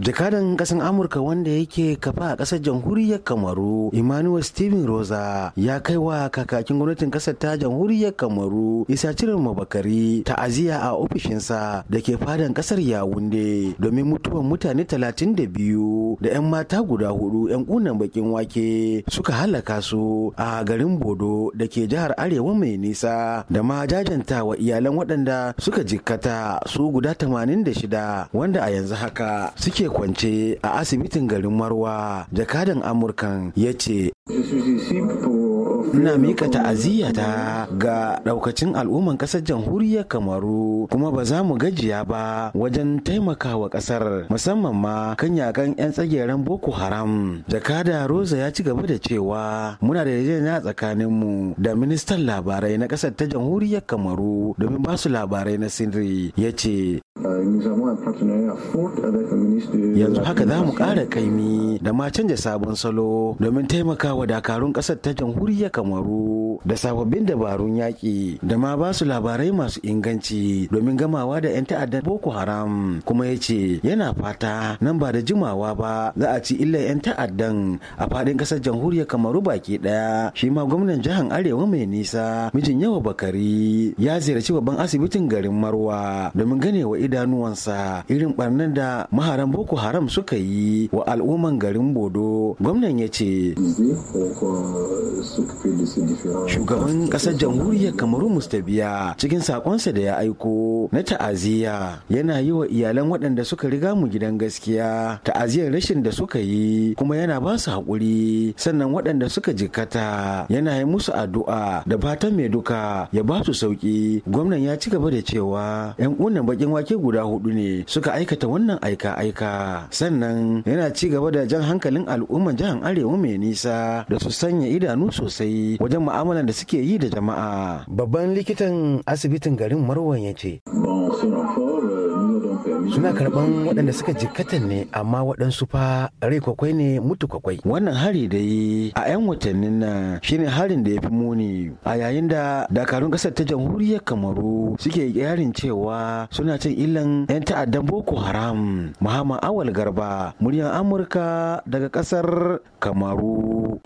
jakadan kasan amurka wanda yake kafa a kasar jamhuriyar kamaru emmanuel steven rosa ya kai wa kakakin gwamnatin kasar ta jamhuriyar kamaru isa cirin mabakari ta'aziyya a ofishinsa da ke fadan kasar yawunde domin mutuwan mutane 32 da 'yan mata guda hudu 'yan kunan bakin wake suka halaka su a garin bodo da ke jihar arewa mai nisa da ma jajantawa iyalan waɗanda suka jikkata su guda 86 wanda a yanzu haka suke yake kwance a asibitin garin marwa jakadan amurkan ya ce Ina mika ta'aziyyata ga ɗaukacin al'umman ƙasar jamhuriyar Kamaru kuma ba za mu gajiya ba wajen taimakawa ƙasar musamman ma kan yakan 'yan tsageren Boko Haram. Jakada Rosa ya ci gaba da cewa muna da yarjejeniya tsakanin mu da ministan labarai na ƙasar ta jamhuriyar Kamaru domin ba su labarai na sirri ya ce yanzu haka za mu ƙara kaimi da ma canja sabon salo domin taimaka wa dakarun ƙasar ta jamhuriyar kamaru da sababbin dabarun yaƙi da ma ba su labarai masu inganci domin gamawa da 'yan ta'adda boko haram kuma ya ce yana fata nan ba da jimawa ba za a ci illar 'yan ta'addan a faɗin ƙasar jamhuriyar kamaru baki ɗaya shi ma gwamnan jihar arewa mai nisa mijin yawa bakari ya ziyarci babban asibitin garin marwa domin gane wa idanuwansa irin barnan da maharan boko haram suka yi wa al'umman garin bodo gwamnan ya ce 包括。Shugaban ƙasar jamhuriyar Kamaru Mustabiya cikin sakonsa da ya aiko na ta'aziyya yana yi wa iyalan waɗanda suka riga mu gidan gaskiya ta'aziyar rashin da suka yi kuma yana ba su haƙuri sannan waɗanda suka jikkata yana yi musu addu'a da fata mai duka ya ba su sauƙi gwamnan ya ci gaba da cewa 'yan ƙunan bakin wake guda hudu ne suka aikata wannan aika-aika sannan yana ci gaba da jan hankalin al'umma jihar arewa mai nisa da su sanya idanu sosai wajen mu'amalar da suke yi da jama'a babban likitan asibitin garin marwan ya ce suna karban waɗanda suka jikkata ne amma waɗansu fa rai kwakwai ne mutu kwakwai wannan hari da yi a 'yan watannin nan shine harin da ya fi muni a yayin da dakarun ƙasar ta jamhuriyar kamaru suke yarin cewa suna cin illan 'yan ta'addan boko haram muhammad awal garba muryar amurka daga ƙasar kamaru